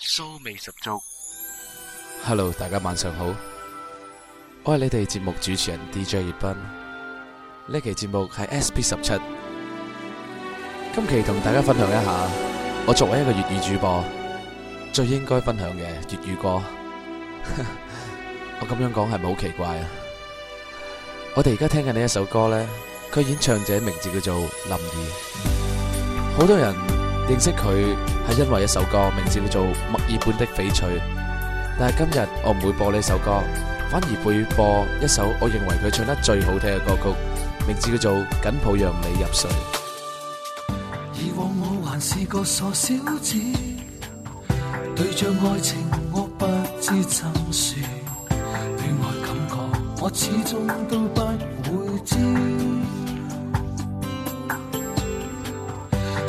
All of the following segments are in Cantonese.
酥味十足。Hello，大家晚上好，我係你哋節目主持人 DJ 葉斌。呢期節目係 SP 十七，今期同大家分享一下，我作為一個粵語主播最應該分享嘅粵語歌。我咁樣講係咪好奇怪啊？我哋而家聽緊呢一首歌呢，佢演唱者名字叫做林頤，好多人。認識佢係因為一首歌，名字叫做《墨爾本的翡翠》，但係今日我唔會播呢首歌，反而會播一首我認為佢唱得最好聽嘅歌曲，名字叫做《緊抱讓你入睡》。以往我還是個傻小子，對着愛情我不知怎說，戀愛感覺我始終都不會知。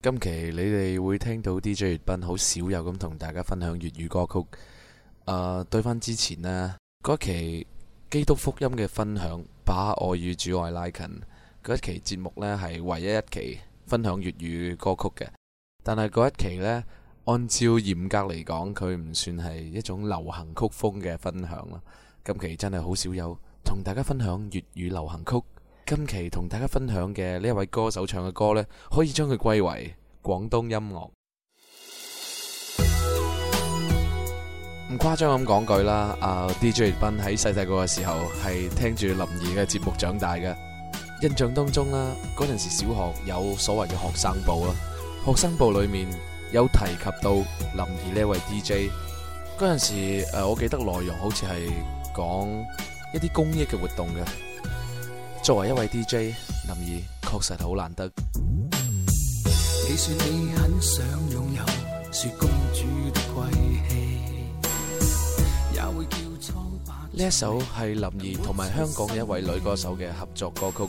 今期你哋會聽到 DJ 月斌好少有咁同大家分享粵語歌曲，呃。誒，對返之前呢，嗰期基督福音嘅分享，把愛與主愛拉近嗰一期節目呢，係唯一一期分享粵語歌曲嘅。但係嗰一期呢，按照嚴格嚟講，佢唔算係一種流行曲風嘅分享啦。今期真係好少有同大家分享粵語流行曲。今期同大家分享嘅呢一位歌手唱嘅歌呢，可以將佢歸為廣東音樂。唔誇張咁講句啦，阿、啊、DJ 斌喺細細個嘅時候係聽住林頤嘅節目長大嘅。印象當中啦，嗰陣時小學有所謂嘅學生報啊，學生報裏面有提及到林頤呢位 DJ。嗰陣時誒，我記得內容好似係。講一啲公益嘅活動嘅，作為一位 DJ 林頤，確實好難得。呢一首係林頤同埋香港嘅一位女歌手嘅合作歌曲，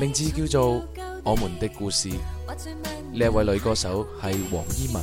名字叫做《我們的故事》。呢位女歌手係黃伊汶。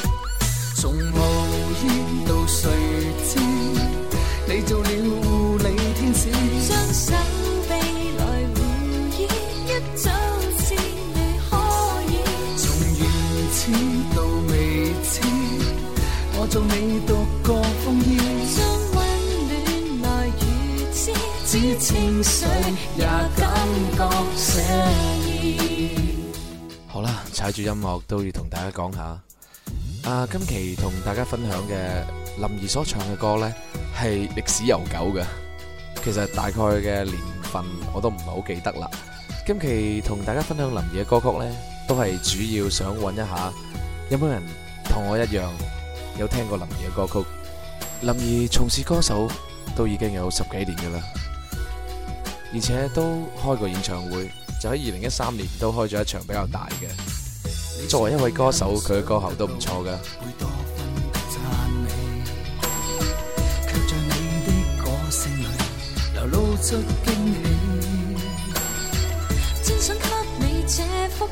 也感覺好啦，踩住音樂都要同大家講一下。啊，今期同大家分享嘅林頤所唱嘅歌咧，係歷史悠久嘅。其實大概嘅年份我都唔係好記得啦。今期同大家分享林頤嘅歌曲咧，都係主要想揾一下，有冇人同我一樣。有聽過林頤嘅歌曲，林頤從事歌手都已經有十幾年嘅啦，而且都開過演唱會，就喺二零一三年都開咗一場比較大嘅。作為一位歌手，佢嘅歌喉都唔錯㗎。真想給你這福氣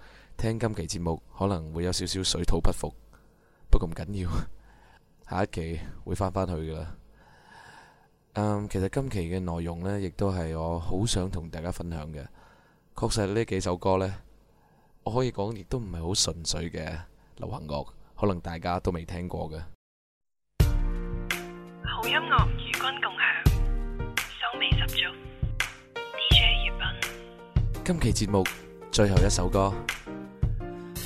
聽今期節目可能會有少少水土不服，不過，唔緊要，下一期會返返去㗎喇。Um, 其實今期嘅內容呢，亦都係我好想同大家分享嘅。確實呢幾首歌呢，我可以講亦都唔係好純粹嘅流行樂，可能大家都未聽過嘅。好音樂與君共享，首尾十足。DJ 林頤，今期節目最後一首歌。